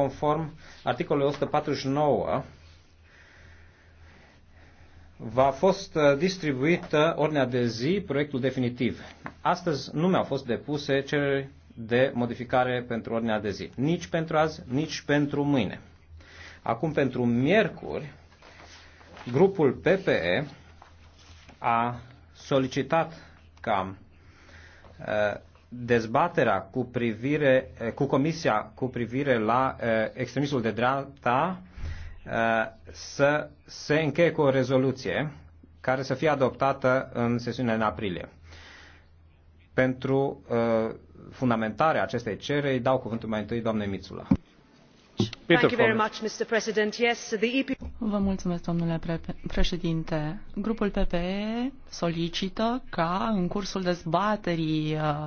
conform articolului 149, va a fost uh, distribuită ordinea de zi, proiectul definitiv. Astăzi nu mi-au fost depuse cereri de modificare pentru ordinea de zi. Nici pentru azi, nici pentru mâine. Acum, pentru miercuri, grupul PPE a solicitat ca uh, dezbaterea cu, privire, eh, cu Comisia cu privire la eh, extremismul de dreapta eh, să se încheie cu o rezoluție care să fie adoptată în sesiunea în aprilie. Pentru uh, fundamentarea acestei cereri dau cuvântul mai întâi doamnei Mițula. Thank you very much, Mr. President. Yes, the EP... Vă mulțumesc, domnule pre președinte. Grupul PPE solicită ca în cursul dezbaterii uh,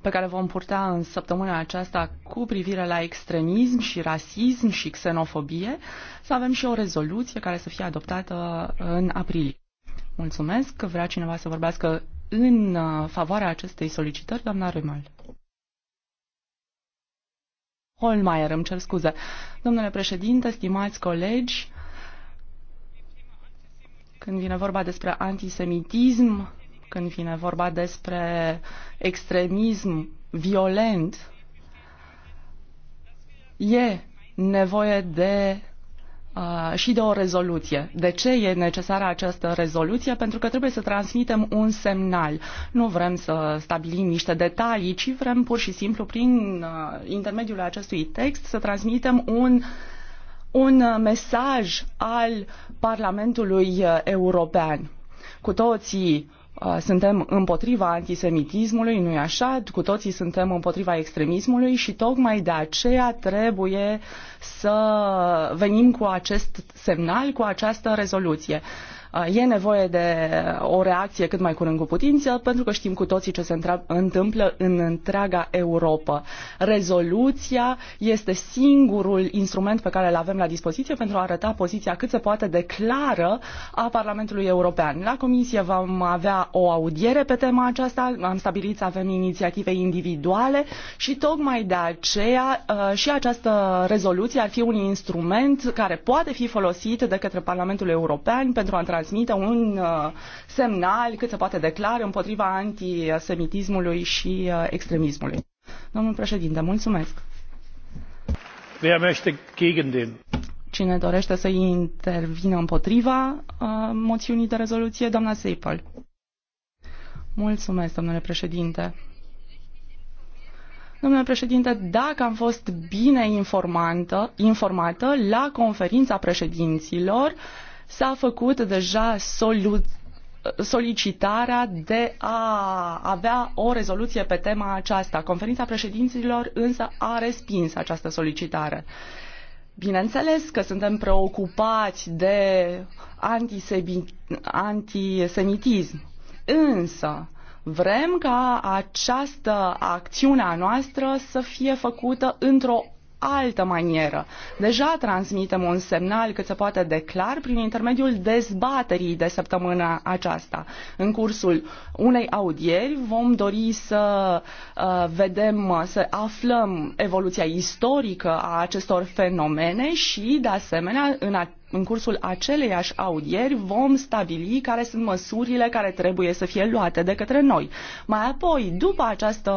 pe care vom purta în săptămâna aceasta cu privire la extremism și rasism și xenofobie, să avem și o rezoluție care să fie adoptată în aprilie. Mulțumesc. Vrea cineva să vorbească în uh, favoarea acestei solicitări, doamna Râmal. Holmeier, îmi cer scuze. Domnule președinte, stimați colegi, când vine vorba despre antisemitism, când vine vorba despre extremism violent, e nevoie de Uh, și de o rezoluție. De ce e necesară această rezoluție? Pentru că trebuie să transmitem un semnal. Nu vrem să stabilim niște detalii, ci vrem pur și simplu prin uh, intermediul acestui text să transmitem un un mesaj al Parlamentului European. Cu toții Uh, suntem împotriva antisemitismului, nu-i așa? Cu toții suntem împotriva extremismului și tocmai de aceea trebuie să venim cu acest semnal, cu această rezoluție. Uh, e nevoie de o reacție cât mai curând cu putință, pentru că știm cu toții ce se întâmplă în întreaga Europa. Rezoluția este singurul instrument pe care îl avem la dispoziție pentru a arăta poziția cât se poate de clară a Parlamentului European. La Comisie vom avea o audiere pe tema aceasta, am stabilit să avem inițiative individuale și tocmai de aceea uh, și această rezoluție ar fi un instrument care poate fi folosit de către Parlamentul European pentru a transmită un uh, semnal cât se poate declar împotriva antisemitismului și uh, extremismului. Domnul președinte, mulțumesc. Cine dorește să intervină împotriva uh, moțiunii de rezoluție, doamna Seipel. Mulțumesc, domnule președinte. Domnule președinte, dacă am fost bine informată, informată la conferința președinților, uh, s-a făcut deja solu- solicitarea de a avea o rezoluție pe tema aceasta. Conferința președinților însă a respins această solicitare. Bineînțeles că suntem preocupați de antisemitism, însă vrem ca această acțiune a noastră să fie făcută într-o altă manieră. Deja transmitem un semnal cât se poate de clar prin intermediul dezbaterii de săptămâna aceasta. În cursul unei audieri vom dori să uh, vedem, să aflăm evoluția istorică a acestor fenomene și, de asemenea, în a- în cursul aceleiași audieri vom stabili care sunt măsurile care trebuie să fie luate de către noi. Mai apoi, după această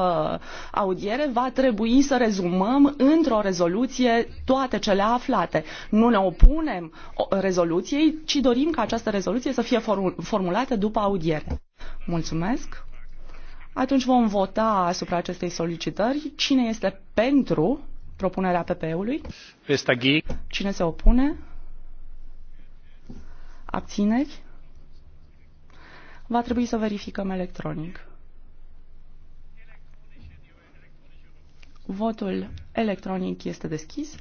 audiere, va trebui să rezumăm într-o rezoluție toate cele aflate. Nu ne opunem rezoluției, ci dorim ca această rezoluție să fie formulată după audiere. Mulțumesc! Atunci vom vota asupra acestei solicitări. Cine este pentru propunerea PP-ului? Cine se opune? Abțineri? Va trebui să verificăm electronic. Votul electronic este deschis.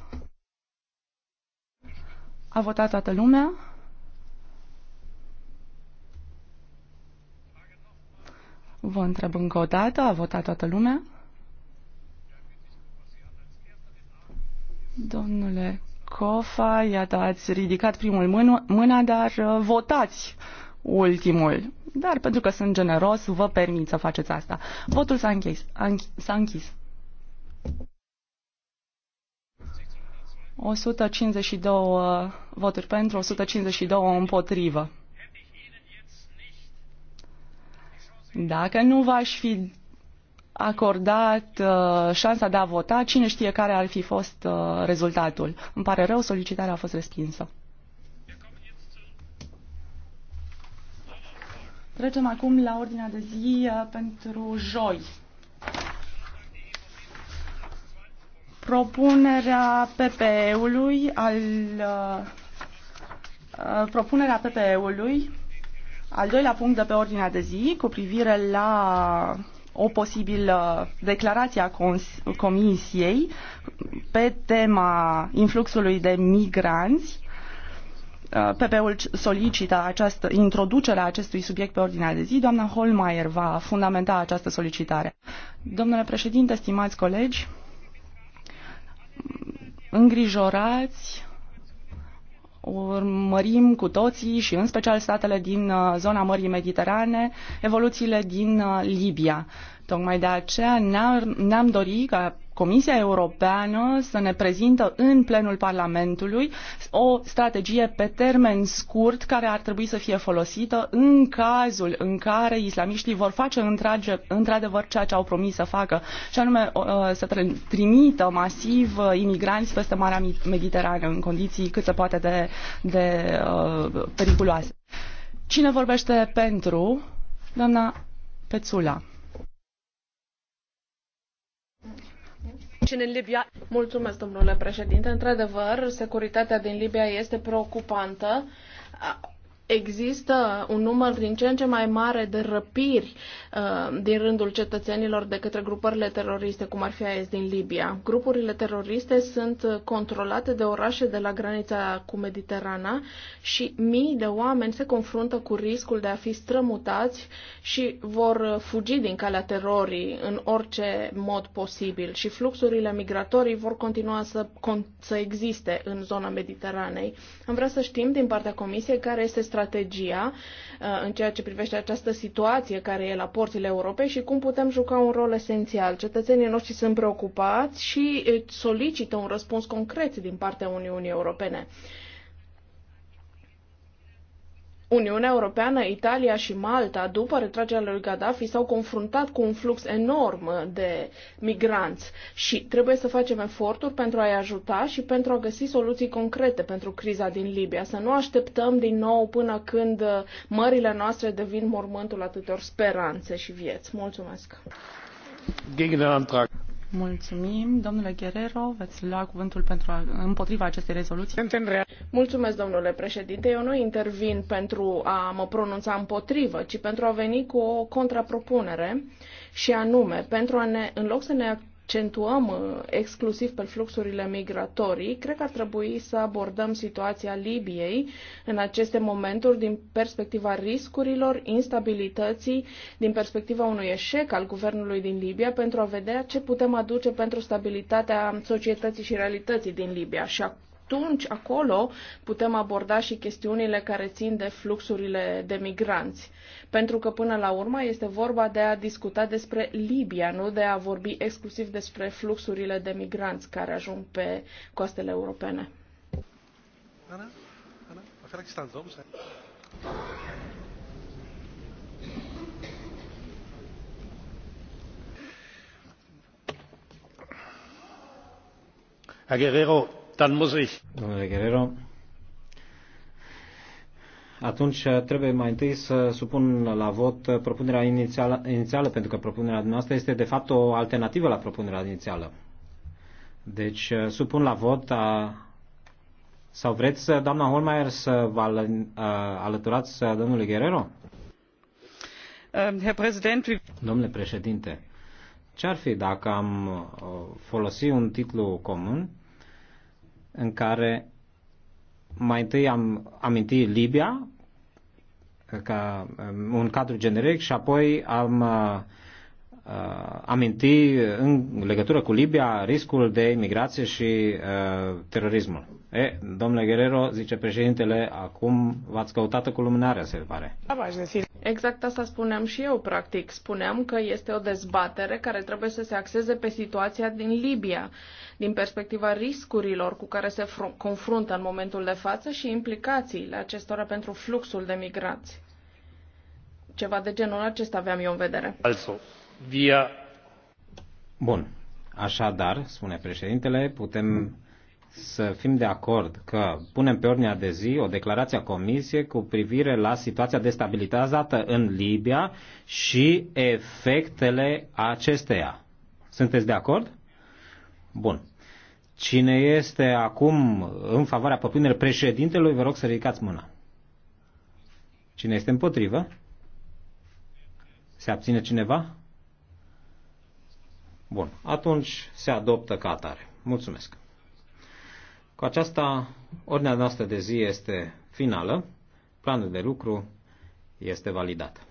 A votat toată lumea. Vă întreb încă o dată, a votat toată lumea? Domnule Cofa, iată, da, ați ridicat primul mână, dar uh, votați ultimul. Dar pentru că sunt generos, vă permit să faceți asta. Votul s-a închis. S-a închis. 152 uh, voturi pentru, 152 împotrivă. Dacă nu v-aș fi acordat uh, șansa de a vota, cine știe care ar fi fost uh, rezultatul. Îmi pare rău, solicitarea a fost respinsă. Trecem acum la ordinea de zi uh, pentru joi. Propunerea PPE-ului al propunerea PPE-ului al doilea punct de pe ordinea de zi cu privire la o posibilă declarație a Comisiei pe tema influxului de migranți. Uh, PP-ul solicită această introducerea acestui subiect pe ordinea de zi. Doamna Holmeier va fundamenta această solicitare. Domnule președinte, stimați colegi, îngrijorați urmărim cu toții și în special statele din uh, zona Mării Mediterane evoluțiile din uh, Libia. Tocmai de aceea ne-am dorit ca Comisia Europeană să ne prezintă în plenul Parlamentului o strategie pe termen scurt care ar trebui să fie folosită în cazul în care islamiștii vor face într-adevăr ceea ce au promis să facă, și anume să trimită masiv uh, imigranți peste Marea Mediterană în condiții cât se poate de, de uh, periculoase. Cine vorbește pentru? Doamna Pețula. Mulțumesc, domnule președinte. Într-adevăr, securitatea din Libia este preocupantă există un număr din ce în ce mai mare de răpiri uh, din rândul cetățenilor de către grupările teroriste, cum ar fi AES din Libia. Grupurile teroriste sunt controlate de orașe de la granița cu Mediterana și mii de oameni se confruntă cu riscul de a fi strămutați și vor fugi din calea terorii în orice mod posibil și fluxurile migratorii vor continua să, con- să existe în zona Mediteranei. Am vrea să știm din partea Comisiei care este strategia uh, în ceea ce privește această situație care e la porțile Europei și cum putem juca un rol esențial. Cetățenii noștri sunt preocupați și uh, solicită un răspuns concret din partea Uniunii Europene. Uniunea Europeană, Italia și Malta, după retragerea lui Gaddafi, s-au confruntat cu un flux enorm de migranți și trebuie să facem eforturi pentru a-i ajuta și pentru a găsi soluții concrete pentru criza din Libia. Să nu așteptăm din nou până când uh, mările noastre devin mormântul atâtor speranțe și vieți. Mulțumesc! Mulțumim. Domnule Guerrero, veți lua cuvântul pentru a, împotriva acestei rezoluții. Mulțumesc, domnule președinte. Eu nu intervin pentru a mă pronunța împotrivă, ci pentru a veni cu o contrapropunere și anume, pentru a ne, în loc să ne accentuăm uh, exclusiv pe fluxurile migratorii, cred că ar trebui să abordăm situația Libiei în aceste momenturi din perspectiva riscurilor, instabilității, din perspectiva unui eșec al guvernului din Libia pentru a vedea ce putem aduce pentru stabilitatea societății și realității din Libia. Și atunci acolo putem aborda și chestiunile care țin de fluxurile de migranți. Pentru că până la urmă este vorba de a discuta despre Libia, nu de a vorbi exclusiv despre fluxurile de migranți care ajung pe coastele europene. Ana? Ana? Da, Guerrero, dann muss ich. Domnule Guerrero, atunci trebuie mai întâi să supun la vot propunerea inițială, inițială pentru că propunerea dumneavoastră este de fapt o alternativă la propunerea inițială. Deci supun la vot a, sau vreți, doamna Holmeier, să vă al, a, alăturați domnului Guerrero? Uh, um, President... Domnule președinte, ce ar fi dacă am uh, folosit un titlu comun în care mai întâi am amintit Libia ca uh, un cadru generic și apoi am uh, Uh, aminti uh, în legătură cu Libia riscul de imigrație și uh, terorismul. E, domnule Guerrero, zice președintele, acum v-ați căutat cu lumânarea, se pare. Exact asta spuneam și eu, practic. Spuneam că este o dezbatere care trebuie să se axeze pe situația din Libia, din perspectiva riscurilor cu care se confruntă în momentul de față și implicațiile acestora pentru fluxul de migrați. Ceva de genul acesta aveam eu în vedere. Also. Wir Bun. Așadar, spune președintele, putem să fim de acord că punem pe ordinea de zi o declarație a Comisiei cu privire la situația destabilizată în Libia și efectele acesteia. Sunteți de acord? Bun. Cine este acum în favoarea propunerii președintelui, vă rog să ridicați mâna. Cine este împotrivă? Se abține cineva? Bun, atunci se adoptă ca atare. Mulțumesc. Cu aceasta, ordinea noastră de zi este finală, planul de lucru este validat.